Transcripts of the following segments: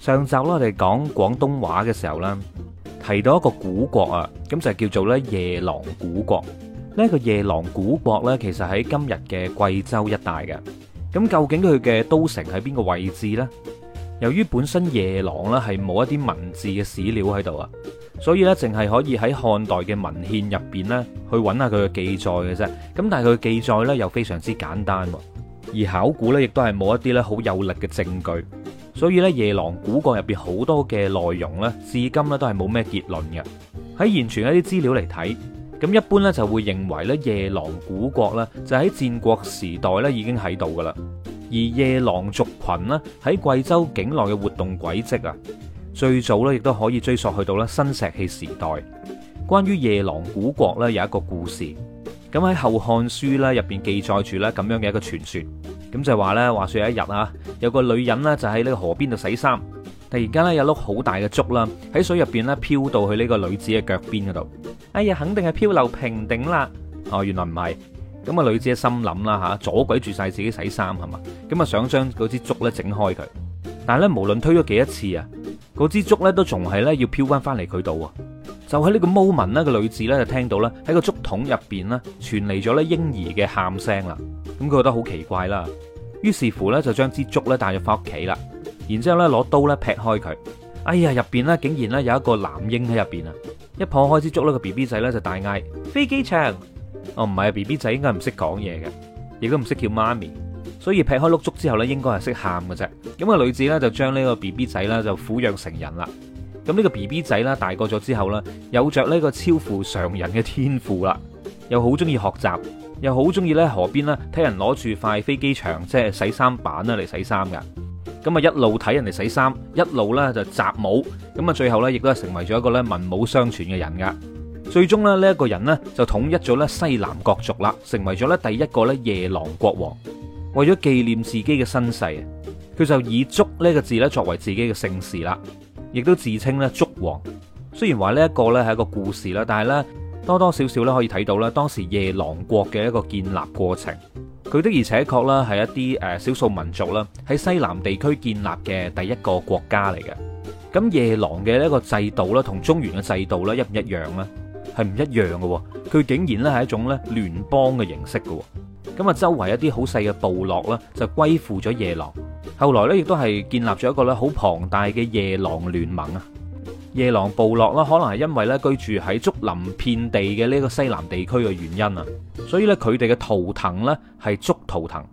上集啦，我哋講廣東話嘅時候啦，提到一個古國啊，咁就叫做咧夜郎古國。呢個夜郎古國咧，其實喺今日嘅貴州一帶嘅。咁究竟佢嘅都城喺邊個位置咧？由於本身夜郎咧係冇一啲文字嘅史料喺度啊，所以咧淨係可以喺漢代嘅文獻入邊咧去揾下佢嘅記載嘅啫。咁但係佢嘅記載咧又非常之簡單，而考古咧亦都係冇一啲咧好有力嘅證據。所以咧，夜郎古國入邊好多嘅內容咧，至今咧都係冇咩結論嘅。喺現存一啲資料嚟睇，咁一般咧就會認為咧，夜郎古國咧就喺戰國時代咧已經喺度噶啦。而夜郎族群咧喺貴州境內嘅活動軌跡啊，最早咧亦都可以追溯去到咧新石器時代。關於夜郎古國咧有一個故事，咁喺《後漢書》咧入邊記載住咧咁樣嘅一個傳說。咁就係話咧，話說有一日啊，有個女人咧就喺呢個河邊度洗衫，突然間咧有碌好大嘅竹啦，喺水入邊咧飄到去呢個女子嘅腳邊嗰度。哎呀，肯定係漂流平頂啦。哦，原來唔係。咁啊，女子嘅心諗啦吓，阻鬼住晒自己洗衫係嘛，咁啊想將嗰支竹咧整開佢。但係咧，無論推咗幾多次啊，嗰支竹咧都仲係咧要飄翻翻嚟佢度。啊。就喺呢個 moment，呢個女子咧就聽到咧喺個竹筒入邊咧傳嚟咗咧嬰兒嘅喊聲啦。咁佢覺得好奇怪啦，於是乎呢，就將支竹呢帶咗翻屋企啦，然之後咧攞刀咧劈開佢，哎呀入邊呢竟然呢有一個男嬰喺入邊啊！一破開支竹呢個 B B 仔呢，就大嗌：飛機場！哦唔係啊，B B 仔應該唔識講嘢嘅，亦都唔識叫媽咪，所以劈開碌竹之後呢，應該係識喊嘅啫。咁個女子呢，就將呢個 B B 仔呢，就撫養成人啦。咁、這、呢個 B B 仔呢，大個咗之後呢，有着呢個超乎常人嘅天賦啦，又好中意學習。又好中意咧河邊咧睇人攞住塊飛機場，即係洗衫板啦，嚟洗衫噶，咁啊一路睇人哋洗衫，一路咧就習武，咁啊最後咧亦都成為咗一個咧文武雙全嘅人噶。最終咧呢一個人呢，就統一咗咧西南各族啦，成為咗咧第一個咧夜郎國王。為咗紀念自己嘅身世，佢就以“竹”呢個字咧作為自己嘅姓氏啦，亦都自稱咧“竹王”。雖然話呢一個咧係一個故事啦，但係咧。多多少少咧可以睇到咧，當時夜郎國嘅一個建立過程，佢的而且確啦係一啲誒少數民族啦喺西南地區建立嘅第一個國家嚟嘅。咁夜郎嘅呢個制度咧，同中原嘅制度咧一唔一樣咧？係唔一樣嘅喎，佢竟然咧係一種咧聯邦嘅形式嘅喎。咁啊，周圍一啲好細嘅部落咧就歸附咗夜郎，後來咧亦都係建立咗一個咧好龐大嘅夜郎聯盟啊！夜郎部落啦，可能係因為咧居住喺竹林遍地嘅呢個西南地區嘅原因啊，所以咧佢哋嘅圖騰咧係竹圖騰。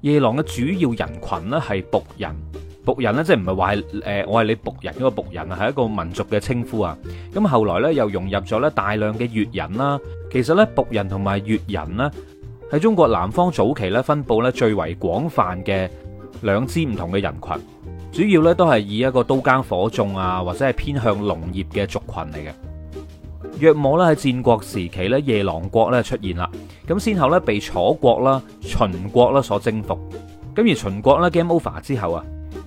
夜郎嘅主要人群咧係僰人，僰人咧即係唔係話誒我係你僰人呢個僰人啊，係一個民族嘅稱呼啊。咁後來咧又融入咗咧大量嘅越人啦。其實咧僰人同埋越人咧係中國南方早期咧分布咧最為廣泛嘅兩支唔同嘅人群。主要咧都係以一個刀耕火種啊，或者係偏向農業嘅族群嚟嘅。約莫咧喺戰國時期咧，夜郎國咧出現啦。咁先後咧被楚國啦、秦國啦所征服。咁而秦國咧 game over 之後啊，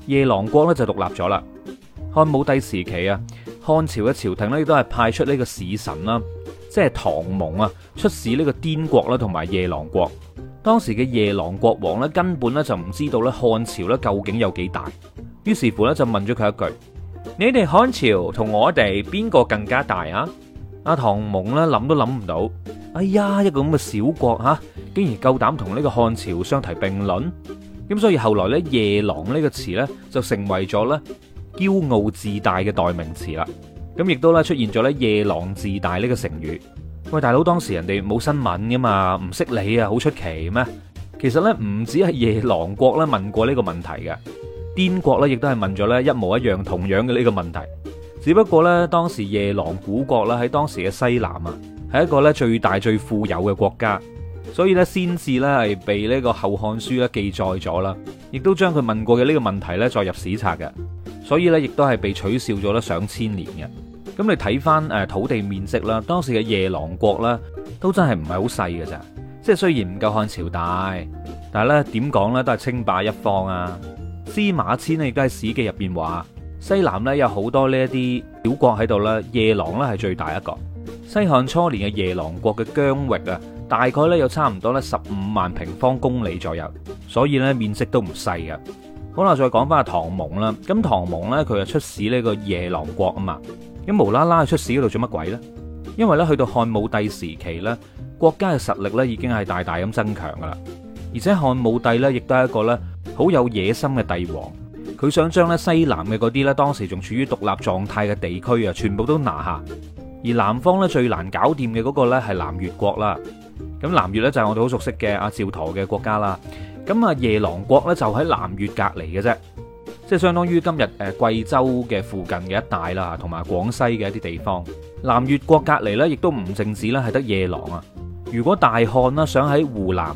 夜郎國咧就獨立咗啦。漢武帝時期啊，漢朝嘅朝廷咧都係派出呢個使臣啦，即係唐蒙啊出使呢個滇國啦同埋夜郎國。當時嘅夜郎國王咧根本咧就唔知道咧漢朝咧究竟有幾大。於是乎咧，就問咗佢一句：你哋漢朝同我哋邊個更加大啊？阿唐蒙咧諗都諗唔到，哎呀，一個咁嘅小國吓，竟然夠膽同呢個漢朝相提並論？咁所以後來咧，夜郎呢個詞咧就成為咗咧驕傲自大嘅代名詞啦。咁亦都咧出現咗咧夜郎自大呢個成語。喂，大佬，當時人哋冇新聞㗎嘛？唔識你啊，好出奇咩？其實咧，唔止係夜郎國咧問過呢個問題嘅。滇國咧，亦都係問咗咧一模一樣、同樣嘅呢個問題，只不過咧當時夜郎古國啦，喺當時嘅西南啊，係一個咧最大、最富有嘅國家，所以咧先至咧係被呢個《後漢書》咧記載咗啦，亦都將佢問過嘅呢個問題咧再入史冊嘅，所以咧亦都係被取笑咗咧上千年嘅。咁你睇翻，誒土地面積啦，當時嘅夜郎國啦，都真係唔係好細嘅咋，即係雖然唔夠漢朝大，但係咧點講咧都係稱霸一方啊！司馬遷呢，亦都喺《史記》入邊話，西南呢有好多呢一啲小國喺度啦，夜郎呢係最大一個。西漢初年嘅夜郎國嘅疆域啊，大概呢有差唔多呢十五萬平方公里左右，所以呢面積都唔細啊。好啦，再講翻阿唐蒙啦，咁唐蒙呢，佢就出使呢個夜郎國啊嘛，咁無啦啦出使嗰度做乜鬼呢？因為呢，去到漢武帝時期呢，國家嘅實力呢已經係大大咁增強噶啦，而且漢武帝呢，亦都係一個呢。好有野心嘅帝王，佢想將咧西南嘅嗰啲咧，當時仲處於獨立狀態嘅地區啊，全部都拿下。而南方咧，最難搞掂嘅嗰個咧，係南越國啦。咁南越呢，就係我哋好熟悉嘅阿趙佗嘅國家啦。咁啊夜郎國呢，就喺南越隔籬嘅啫，即係相當於今日誒貴州嘅附近嘅一帶啦，同埋廣西嘅一啲地方。南越國隔籬呢，亦都唔淨止啦，係得夜郎啊。如果大漢呢，想喺湖南。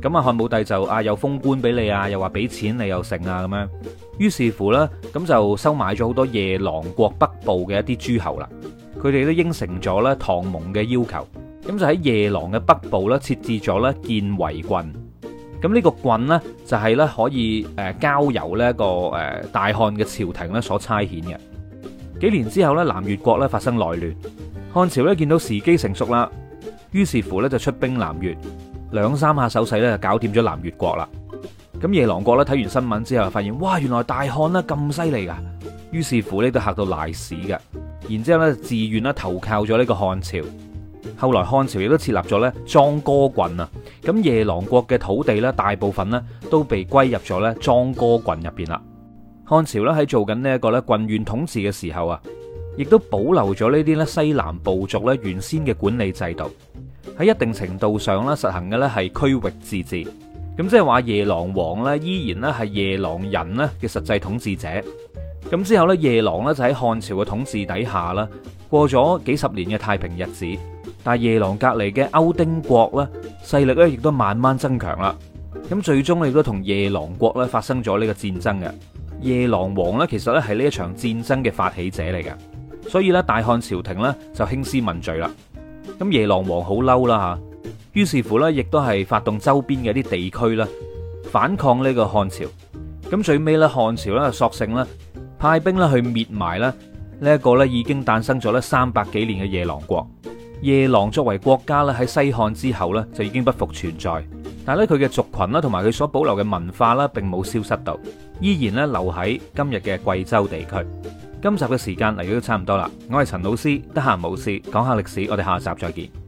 咁啊，漢武帝就啊又封官俾你啊，又話俾錢你又成啊咁樣。於是乎呢，咁就收買咗好多夜郎國北部嘅一啲諸侯啦，佢哋都應承咗咧唐蒙嘅要求，咁就喺夜郎嘅北部咧設置咗咧建維郡。咁呢個郡呢，就係咧可以誒交由呢一個大漢嘅朝廷咧所差遣嘅。幾年之後咧，南越國咧發生內亂，漢朝咧見到時機成熟啦，於是乎咧就出兵南越。兩三下手勢咧，就搞掂咗南越國啦。咁夜郎國咧睇完新聞之後，發現哇，原來大漢咧咁犀利㗎。於是乎咧，都嚇到瀨屎嘅。然之後咧，自願咧投靠咗呢個漢朝。後來漢朝亦都設立咗咧牂牁郡啊。咁夜郎國嘅土地咧，大部分咧都被歸入咗咧牂牁郡入邊啦。漢朝咧喺做緊呢一個咧郡縣統治嘅時候啊，亦都保留咗呢啲咧西南部族咧原先嘅管理制度。喺一定程度上啦，實行嘅咧係區域自治，咁即係話夜郎王咧依然咧係夜郎人咧嘅實際統治者，咁之後咧夜郎咧就喺漢朝嘅統治底下啦，過咗幾十年嘅太平日子，但係夜郎隔籬嘅歐丁國咧勢力咧亦都慢慢增強啦，咁最終亦都同夜郎國咧發生咗呢個戰爭嘅，夜郎王咧其實咧係呢一場戰爭嘅發起者嚟嘅，所以咧大漢朝廷咧就興師問罪啦。咁夜郎王好嬲啦吓，於是乎呢亦都係發動周邊嘅啲地區啦，反抗呢個漢朝。咁最尾呢漢朝呢就索性呢派兵咧去滅埋咧呢一個咧已經誕生咗咧三百幾年嘅夜郎國。夜郎作為國家咧喺西漢之後咧就已經不復存在，但咧佢嘅族群啦同埋佢所保留嘅文化啦，並冇消失到，依然咧留喺今日嘅貴州地區。今集嘅時間嚟到都差唔多啦，我係陳老師，得閒冇事講下歷史，我哋下集再見。